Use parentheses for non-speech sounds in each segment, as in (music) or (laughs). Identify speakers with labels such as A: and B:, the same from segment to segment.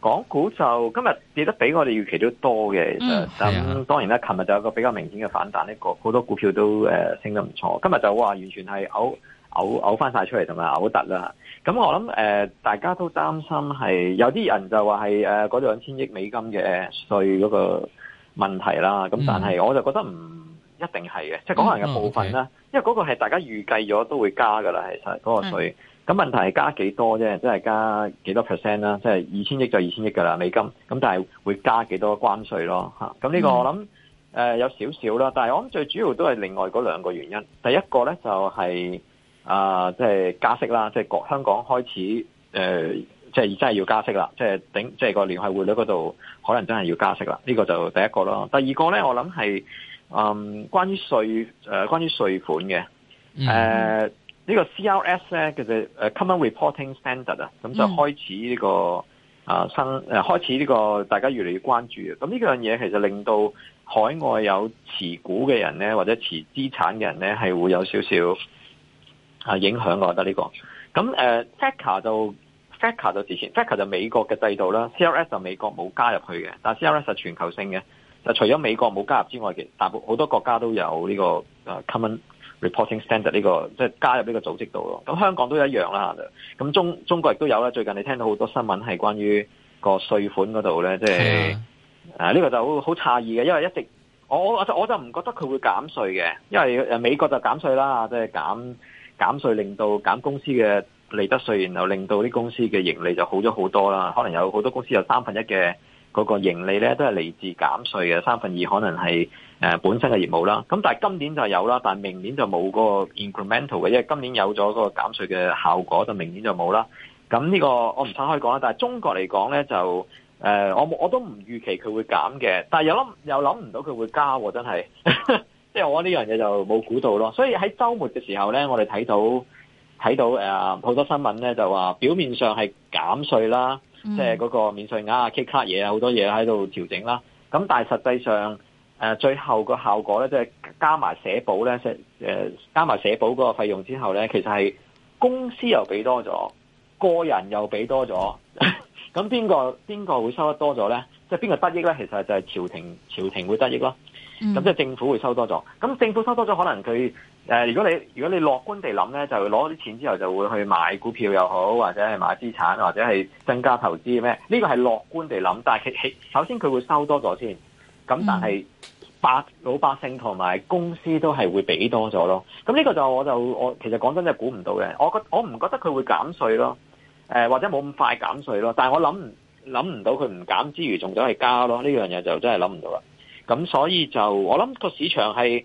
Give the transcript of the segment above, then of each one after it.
A: 港股就今日跌得比我哋預期都多嘅，其實咁當然啦。琴日就有個比較明顯嘅反彈，呢個好多股票都、呃、升得唔錯。今日就話完全係嘔嘔嘔翻曬出嚟同埋嘔突啦。咁、嗯、我諗、呃、大家都擔心係有啲人就話係嗰兩千億美金嘅稅嗰個問題啦。咁、嗯嗯、但係我就覺得唔一定係嘅、嗯，即係講人嘅部分啦，嗯 okay. 因為嗰個係大家預計咗都會加噶啦，其實嗰個稅。咁問題係加幾多啫？即係加幾多 percent 啦？即係二千億就二千億㗎啦，美金。咁但係會加幾多關稅咯？嚇！咁呢個我諗誒有少少啦。但係我諗最主要都係另外嗰兩個原因。第一個咧就係啊，即係加息啦。即係香港開始誒，即係真係要加息啦。即係頂，即係個聯繫匯率嗰度可能真係要加息啦。呢個就第一個咯。第二個咧，我諗係嗯關於稅誒，關於稅款嘅誒呢、這個 CRS 咧，其、就、實、是、common reporting standard 啊，咁就開始呢、這個、嗯、啊開始呢、這個大家越嚟越關注嘅。咁呢樣嘢其實令到海外有持股嘅人咧，或者持資產嘅人咧，係會有少少啊影響。我覺得呢、這個。咁、啊、FATCA 就 FATCA 就之前 FATCA 就是美國嘅制度啦，CRS 就是美國冇加入去嘅，但 CRS 係全球性嘅，就除咗美國冇加入之外嘅，大部分好多國家都有呢、這個 common。啊 reporting standard 呢、呢個即係加入呢個組織度咯，咁香港都一樣啦。咁中中國亦都有啦。最近你聽到好多新聞係關於個稅款嗰度咧，即係呢、啊啊呢個就好好詫異嘅，因為一直我我就唔覺得佢會減稅嘅，因為美國就減稅啦，即係減減稅令到減公司嘅利得稅，然後令到啲公司嘅盈利就好咗好多啦。可能有好多公司有三分一嘅。嗰、那個盈利咧都係嚟自減稅嘅，三分二可能係、呃、本身嘅業務啦，咁但係今年就有啦，但係明年就冇個 incremental 嘅，因為今年有咗個減稅嘅效果，就明年就冇啦。咁呢個我唔拆開講啦，但係中國嚟講咧就誒、呃，我我都唔預期佢會減嘅，但係又諗又諗唔到佢會加喎，真係，即 (laughs) 係我呢樣嘢就冇估到咯。所以喺週末嘅時候咧，我哋睇到睇到誒好、呃、多新聞咧就話表面上係減稅啦。即係嗰個免稅額啊、K 卡嘢啊，好多嘢喺度調整啦。咁但係實際上，誒最後個效果咧，即係加埋社保咧，即係誒加埋社保嗰個費用之後咧，其實係公司又俾多咗，個人又俾多咗。咁邊個邊個會收得多咗咧？即係邊個得益咧？其實就係朝廷朝廷會得益咯。咁即係政府會收多咗。咁、嗯、政府收多咗，可能佢。誒，如果你如果你樂觀地諗咧，就攞啲錢之後就會去買股票又好，或者係買資產，或者係增加投資咩？呢個係樂觀地諗，但係首先佢會收多咗先。咁但係百老百姓同埋公司都係會俾多咗咯。咁呢個就我就我其實講真，真係估唔到嘅。我覺我唔覺得佢會減稅咯。誒，或者冇咁快減稅咯。但係我諗諗唔到佢唔減之餘，仲想係加咯。呢樣嘢就真係諗唔到啦。咁所以就我諗個市場係。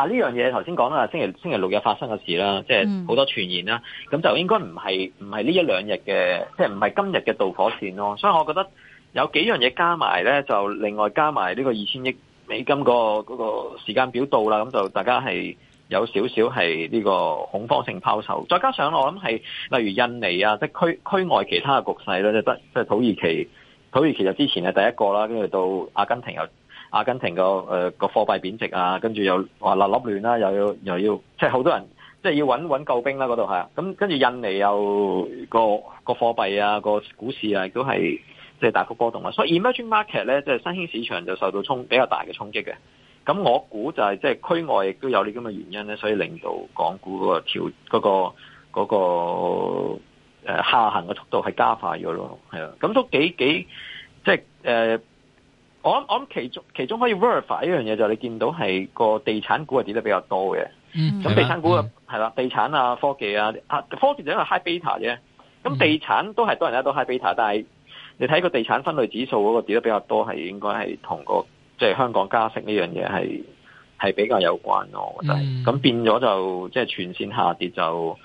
A: 但呢樣嘢頭先講啦，星期星期六日發生嘅事啦，即係好多傳言啦，咁、嗯、就應該唔係唔係呢一兩日嘅，即係唔係今日嘅導火線咯。所以我覺得有幾樣嘢加埋咧，就另外加埋呢個二千億美金個嗰個時間表到啦，咁就大家係有少少係呢個恐慌性拋售，再加上我諗係例如印尼啊，即、就、係、是、區區外其他嘅局勢咧，即係即係土耳其，土耳其就之前係第一個啦，跟住到阿根廷又。阿根廷個誒個貨幣貶值啊，跟住又話立立亂啦、啊，又要又要，即係好多人即係要揾揾救兵啦，嗰度係啊，咁跟住印尼又個個貨幣啊，個股市啊亦都係即係大幅波動啦、啊，所以 Emerging Market 咧即係新興市場就受到衝比較大嘅衝擊嘅，咁我估就係、係、即係區外亦都有啲咁嘅原因咧，所以令到港股嗰個調嗰、嗰個、嗰個、誒、下行嘅速度係加快咗咯，係啊，咁都幾幾即係誒。呃我諗我諗其中其中可以 verify 一樣嘢就係你見到係個地產股係跌得比較多嘅，
B: 咁、嗯、地產股
A: 係啦，地產啊、科技啊，科技就因為 high beta 啫，咁地產都係、嗯、多人一度 high beta，但係你睇個地產分類指數嗰個跌得比較多，係應該係同個即係、就是、香港加息呢樣嘢係係比較有關咯，我覺得。咁、嗯、變咗就即係、就是、全線下跌就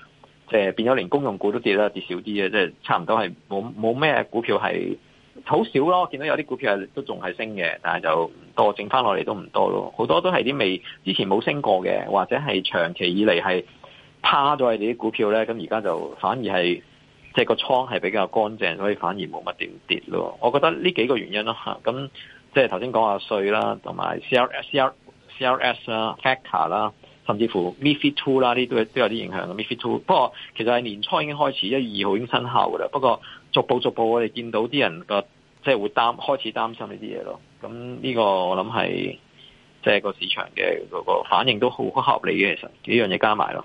A: 即係、就是、變咗連公用股都跌得，跌少啲嘅，即、就、係、是、差唔多係冇冇咩股票係。好少咯，我見到有啲股票係都仲係升嘅，但係就唔多，剩翻落嚟都唔多咯。好多都係啲未之前冇升過嘅，或者係長期以嚟係趴咗嘅啲股票咧，咁而家就反而係即係個倉係比較乾淨，所以反而冇乜點跌咯。我覺得呢幾個原因咯嚇，咁即係頭先講下稅啦，同埋 CRS CR CRS 啦 FATCA 啦，甚至乎 MiFID II 啦，呢啲都有啲影響。MiFID II 不過其實係年初已經開始，一二號已經生效噶啦，不過。逐步逐步，我哋見到啲人個即係會擔開始擔心呢啲嘢咯。咁呢個我諗係即係個市場嘅嗰個反應都好合理嘅，其實幾樣嘢加埋咯。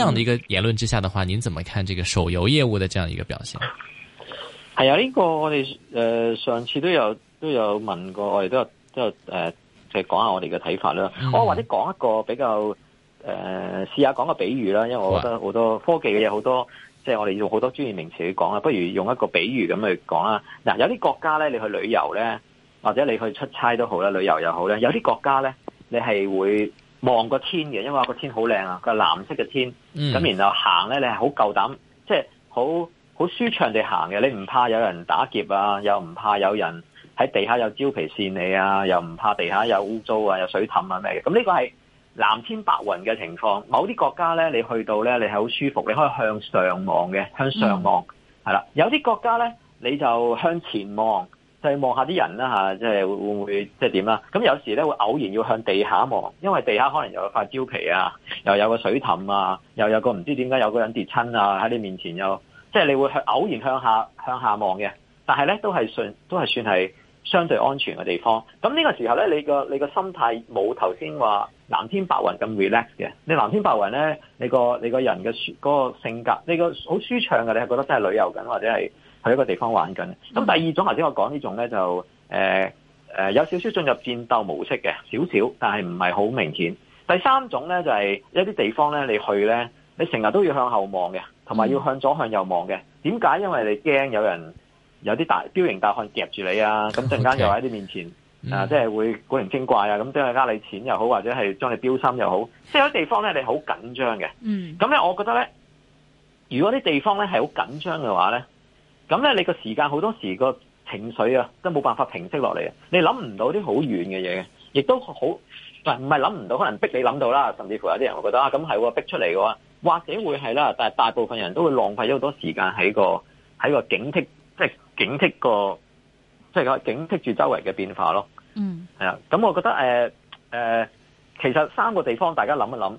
B: 這樣的一個言論之下的話，您怎麼看這個手遊業務的這樣一個表現？
A: 係啊，呢個我哋誒上次都有都有問過，我哋都有都有誒即係講下我哋嘅睇法啦。我、嗯哦、或者講一個比較誒、呃、試下講個比喻啦，因為我覺得好多科技嘅嘢好多即係、就是、我哋用好多專業名詞去講啊，不如用一個比喻咁去講啦。嗱、啊，有啲國家咧，你去旅遊咧，或者你去出差都好啦，旅遊又好咧，有啲國家咧，你係會。望個天嘅，因為個天好靚啊，個藍色嘅天。咁、嗯、然後行咧，你係好夠膽，即係好好舒暢地行嘅，你唔怕有人打劫啊，又唔怕有人喺地下有蕉皮線你啊，又唔怕地下有污糟啊，有水氹啊咩嘅。咁、嗯、呢、呢個係藍天白雲嘅情況。某啲國家咧，你去到咧，你係好舒服，你可以向上望嘅，向上望。係、嗯、啦，有啲國家咧，你就向前望，就係、是、望下啲人啦嚇，即、就、係、是、會唔會即係點啦？咁、就是、有時咧會偶然要向地下望，因為地下可能有塊蕉皮啊，又有個水凼啊，又有個唔知點解有個人跌親啊喺你面前又，又即係你會向偶然向下向下望嘅。但係咧都係算都係算係相對安全嘅地方。咁呢個時候咧，你個你個心態冇頭先話藍天白雲咁 relax 嘅。你藍天白雲咧，你個你個人嘅嗰個性格，你個好舒暢嘅，你係覺得真係旅遊緊或者係。去一個地方玩緊。咁第二種頭先我講呢種咧，就誒、呃呃、有少少進入戰鬥模式嘅，少少，但係唔係好明顯。第三種咧就係、是、一啲地方咧，你去咧，你成日都要向後望嘅，同埋要向左向右望嘅。點解？因為你驚有人有啲大彪形大漢夾住你啊！咁陣間又喺啲面前 okay，啊，即係會古靈精怪啊！咁即係呃你錢又好，或者係將你標心又好，即係有啲地方咧，你好緊張嘅。嗯。咁咧，我覺得咧，如果啲地方咧係好緊張嘅話咧。咁咧，你個時間好多時個情緒啊，都冇辦法平息落嚟啊！你諗唔到啲好遠嘅嘢，亦都好唔係諗唔到，可能逼你諗到啦。甚至乎有啲人會覺得啊，咁係喎，逼出嚟嘅話，或者會係啦。但係大部分人都會浪費咗好多時間喺個喺個警惕，即係警惕個即係警惕住周圍嘅變化咯。嗯，係啊。咁我覺得誒、呃、其實三個地方大家諗一諗，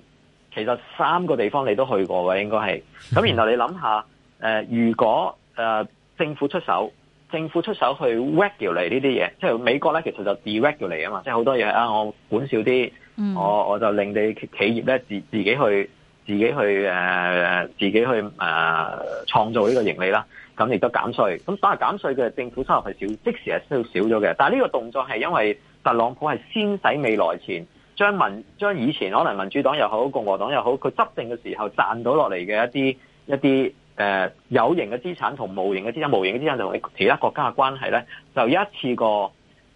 A: 其實三個地方你都去過嘅應該係。咁然後你諗下誒、呃，如果誒。呃政府出手，政府出手去 regulate 呢啲嘢，即係美國咧，其實就 de-regulate 啊嘛，即係好多嘢啊，我管少啲，我我就令你企業咧自自己去，自己去誒、呃、自己去誒創、呃呃、造呢個盈利啦。咁亦都減稅，咁但係減稅嘅政府收入係少，即時係少少咗嘅。但係呢個動作係因為特朗普係先使未來錢，將民將以前可能民主黨又好，共和黨又好，佢執政嘅時候賺到落嚟嘅一啲一啲。誒、呃，有形嘅資產同無形嘅資產，無形嘅資產就同其他國家嘅關係咧，就一次過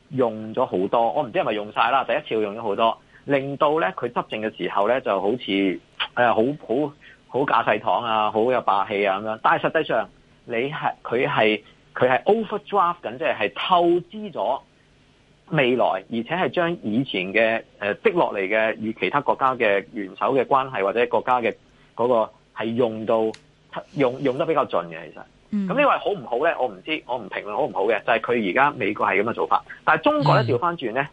A: 用咗好多，我唔知係咪用晒啦，第一次用咗好多，令到咧佢執政嘅時候咧就好似誒、呃、好好好架勢堂啊，好有霸氣啊咁樣，但係實際上你係佢係佢係 overdraft 緊，即係係透支咗未來，而且係將以前嘅誒積落嚟嘅與其他國家嘅元首嘅關係或者國家嘅嗰、那個係用到。用用得比較盡嘅，其實，咁、嗯、呢個係好唔好咧？我唔知，我唔評論好唔好嘅，就係佢而家美國係咁嘅做法。但係中國咧調翻轉咧，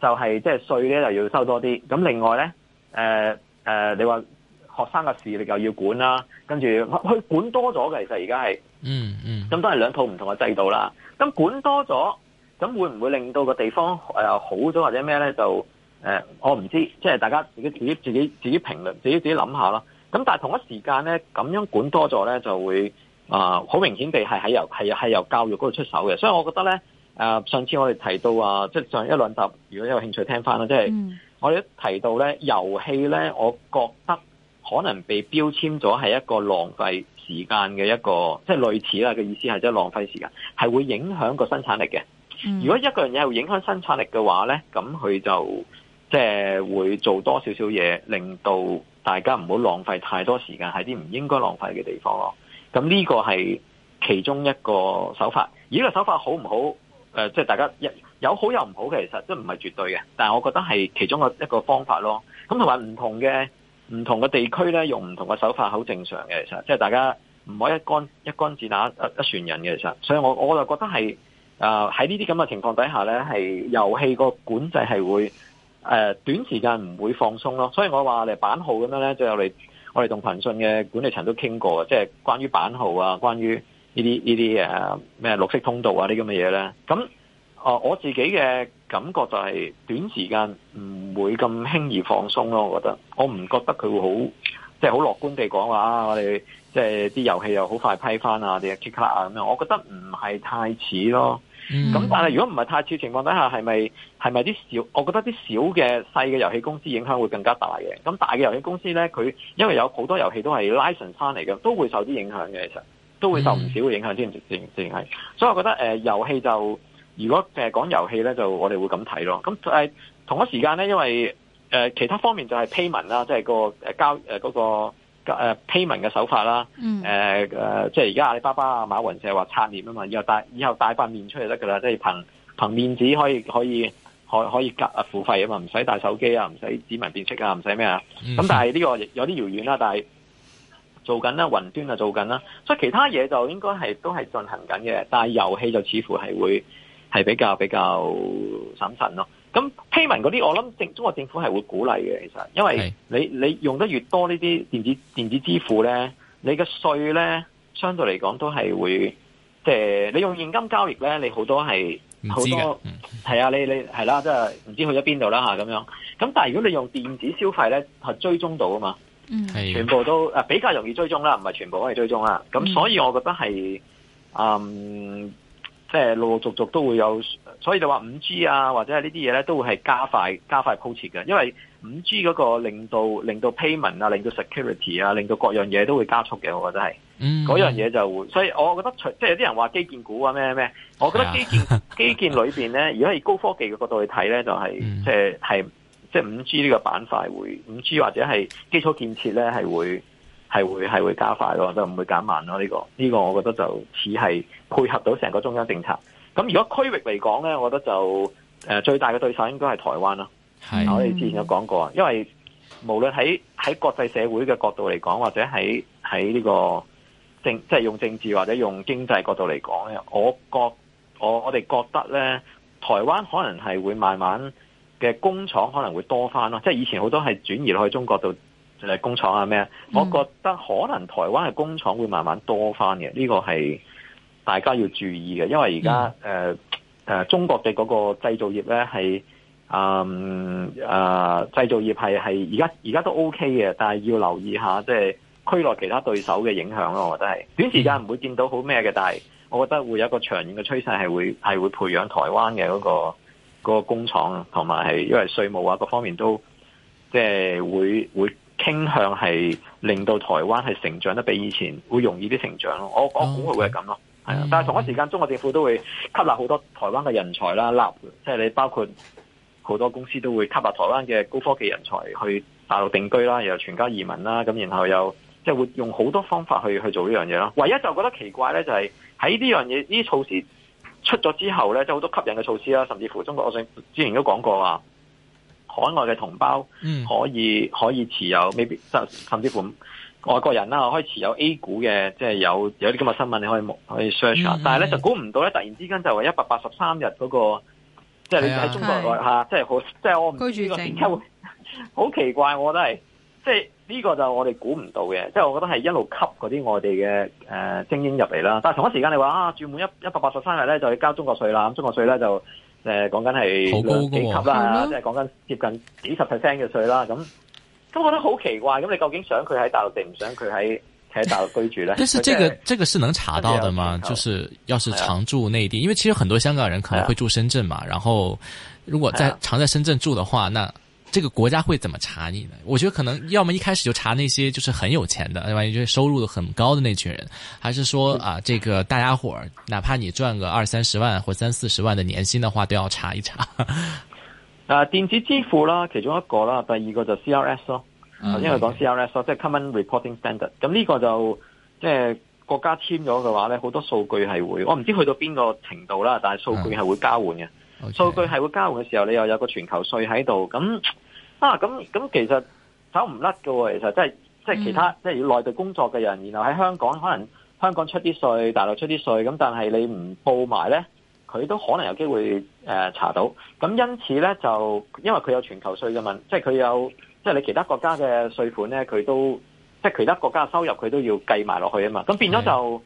A: 就係即係稅咧就是、呢要收多啲。咁另外咧，誒、呃、誒、呃，你話學生嘅事力又要管啦、啊，跟住佢管多咗嘅，其實而家係，嗯
B: 嗯。
A: 咁都係兩套唔同嘅制度啦。咁管多咗，咁會唔會令到個地方誒、呃、好咗或者咩咧？就誒、呃，我唔知，即、就、係、是、大家自己自己自己自己評論，自己自己諗下咯。咁但係同一時間咧，咁樣管多咗咧，就會啊好明顯地係喺由係係由教育嗰度出手嘅。所以我覺得咧，誒上次我哋提到啊，即係上一兩集，如果有興趣聽翻啦，即係我哋一提到咧遊戲咧，我覺得可能被標籤咗係一個浪費時間嘅一個，即係類似啦嘅意思係即係浪費時間，係會影響個生產力嘅。如果一個人有影響生產力嘅話咧，咁佢就即係會做多少少嘢，令到。大家唔好浪費太多時間喺啲唔應該浪費嘅地方咯。咁呢個係其中一個手法。而呢個手法好唔好？誒、呃，即、就、係、是、大家有好有唔好嘅，其實都唔係絕對嘅。但係我覺得係其中嘅一個方法咯。咁同埋唔同嘅唔同嘅地區咧，用唔同嘅手法好正常嘅。其實即係大家唔可以一竿一竿子打一一船人嘅。其實，所以我我就覺得係誒喺呢啲咁嘅情況底下咧，係遊戲個管制係會。誒、呃，短時間唔會放鬆咯，所以我話嚟版號咁樣咧，就有我哋我哋同騰訊嘅管理層都傾過，即係關於版號啊，關於呢啲呢啲誒咩綠色通道啊呢咁嘅嘢咧。咁、呃、我自己嘅感覺就係、是、短時間唔會咁輕易放鬆咯。我覺得我唔覺得佢會好即係好樂觀地講話、啊，我哋即係啲遊戲又好快批返啊，啲啊 Kick 啊咁樣。我覺得唔係太似咯。嗯咁、嗯、但係如果唔係太似情況底下，係咪係咪啲小？我覺得啲小嘅細嘅遊戲公司影響會更加大嘅。咁大嘅遊戲公司咧，佢因為有好多遊戲都係 license 翻嚟嘅，都會受啲影響嘅。其實都會受唔少嘅影響，之前之係。所以我覺得誒，遊、呃、戲就如果、呃、講講遊戲咧，就我哋會咁睇咯。咁但係同一時間咧，因為誒、呃、其他方面就係 payment 啦，即係個誒交誒嗰個。呃 m e 批文嘅手法啦，誒、mm. 呃、即係而家阿里巴巴啊，馬雲社話刷臉啊嘛，以後帶以後帶塊面出嚟得噶啦，即係憑，憑面子可以可以可可以夾啊付費啊嘛，唔使帶手機啊，唔使指紋辨識啊，唔使咩啊，咁、mm. 嗯、但係呢個有啲遙遠啦、啊，但係做緊啦，雲端啊做緊啦，所以其他嘢就應該係都係進行緊嘅，但係遊戲就似乎係會係比較比較審慎咯。咁批文嗰啲，我諗政中國政府係會鼓勵嘅，其實，因為你你用得越多呢啲電子電子支付咧，你嘅稅咧相對嚟講都係會，即、呃、係你用現金交易咧，你好多係好多，係、嗯、啊，你你係啦，即係唔知去咗邊度啦嚇咁樣。咁但係如果你用電子消費咧，係追蹤到啊嘛，嗯，
B: 全部
A: 都、呃、比較容易追蹤啦，唔係全部都係追蹤啦。咁所以我覺得係嗯,嗯，即、就、係、是、陸陸續續都會有。所以就話五 G 啊，或者係呢啲嘢咧，都會係加快、加快鋪設嘅。因為五 G 嗰個令到令到 payment 啊、令到 security 啊、令到各樣嘢都會加速嘅。我覺得係，嗰、嗯、樣嘢就會。所以我覺得除即係有啲人話基建股啊咩咩，我覺得基建 (laughs) 基建裏邊咧，如果係高科技嘅角度去睇咧，就係即係即係五 G 呢個板塊會五 G 或者係基礎建設咧係會係會係會加快咯，就唔會減慢咯。呢、這個呢、這個我覺得就似係配合到成個中央政策。咁如果區域嚟講呢，我覺得就、呃、最大嘅對手應該係台灣啦。
B: 係。我哋之前有
A: 講過啊。因為無論喺喺國際社會嘅角度嚟講，或者喺喺呢個政，即係、就是、用政治或者用經濟角度嚟講，我覺我我哋覺得呢，台灣可能係會慢慢嘅工廠可能會多返咯。即係以前好多係轉移落去中國度工廠啊咩、嗯、我覺得可能台灣嘅工廠會慢慢多返嘅，呢個係。大家要注意嘅，因為而家誒誒中國嘅嗰個製造業咧，係誒誒製造業係，係而家而家都 OK 嘅，但係要留意下即係區內其他對手嘅影響咯。我覺得係短時間唔會見到好咩嘅，但係我覺得會有一個長遠嘅趨勢係會係會培養台灣嘅嗰個嗰個工廠，同埋係因為稅務啊各方面都即係會會傾向係令到台灣係成長得比以前會容易啲成長咯。我我估佢會係咁咯。Okay. 係啊，但係同一時間，中國政府都會吸納好多台灣嘅人才啦，即係你包括好多公司都會吸納台灣嘅高科技人才去大陸定居啦，然後全家移民啦，咁然後又即係會用好多方法去去做呢樣嘢啦。唯一就覺得奇怪咧，就係喺呢樣嘢呢啲措施出咗之後咧，即係好多吸引嘅措施啦，甚至乎中國我想之前都講過話，海外嘅同胞可以可以持有，maybe 甚至乎。外國人啦，我可以持有 A 股嘅，即、就、係、是、有有啲今日新聞你可以可以 search 下，嗯、但係咧就估唔到咧，突然之間就係一百八十三日嗰個，即、就、係、是、你喺中國內嚇、啊，即係好，即係我唔，這個點證，好、啊、奇怪，我覺得係，即係呢、這個就我哋估唔到嘅，即、就、係、是、我覺得係一路吸嗰啲外地嘅誒精英入嚟啦。但係同一時間你話啊，住滿一一百八十三日咧就要交中國稅啦，咁中國稅咧就誒講緊係幾級啦，即係講緊接近幾十 percent 嘅稅啦，咁。都覺得好奇怪，咁你究竟想佢喺大陸定唔想佢喺喺大陸居住呢？但是這個、就
B: 是、這個是能查到的嗎？就是要是常住內地，因為其實很多香港人可能會住深圳嘛。然後如果在常在深圳住的話，那這個國家會怎麼查你呢？我覺得可能，要麼一開始就查那些就是很有錢的，另外就是、收入的很高的那群人，還是說是啊，這個大家伙，哪怕你賺個二三十萬或三四十萬的年薪的話，都要查一查。
A: 啊，電子支付啦，其中一個啦，第二個就 C R S 咯、嗯，因為講 C R S 即係 Common Reporting Standard。咁呢個就即係、就是、國家簽咗嘅話咧，好多數據係會，我唔知去到邊個程度啦，但係數據係會交換嘅。數、嗯、據係會交換嘅時候，你又有個全球稅喺度，咁啊咁咁其實走唔甩㗎喎，其實即係即係其他，即係要內地工作嘅人，然後喺香港可能香港出啲稅，大陸出啲稅，咁但係你唔報埋咧？佢都可能有機會、呃、查到，咁因此咧就因為佢有全球稅嘅問。即係佢有即係你其他國家嘅稅款咧，佢都即係其他國家嘅收入佢都要計埋落去啊嘛，咁變咗就，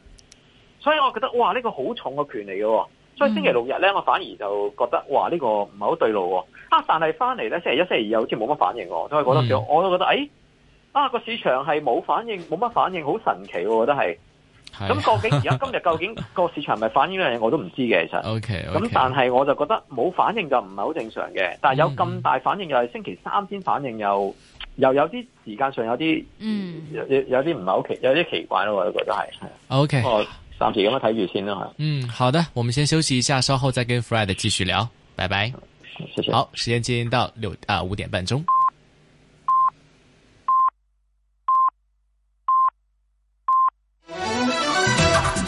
A: 所以我覺得哇，呢、呢個好重嘅權力㗎嘅、啊，所以星期六日咧，嗯、我反而就覺得哇，呢、呢個唔係好對路啊！但係翻嚟咧，星期一、星期二又好似冇乜反應喎、啊，所以覺得：嗯嗰陣時我都覺得誒、欸、啊個市場係冇反應，冇乜反應，好神奇喎、啊，覺得係。咁 (laughs) 究竟而家今日究竟個市場係咪反映呢樣嘢，我都唔知嘅其實。O K，咁但係我就覺得冇反應就唔係好正常嘅，但係有咁大反應，嗯，又係星期三先反應又又有啲時間上有啲，嗯，有有啲唔係好奇有啲奇怪咯，我覺得係。O K，暫時咁樣睇住先啦吓。
B: 嗯，好的，我們先休息一下，稍後再跟 Fred 繼續聊，拜拜，謝謝。好，時間接近到六啊，呃，五點半鐘。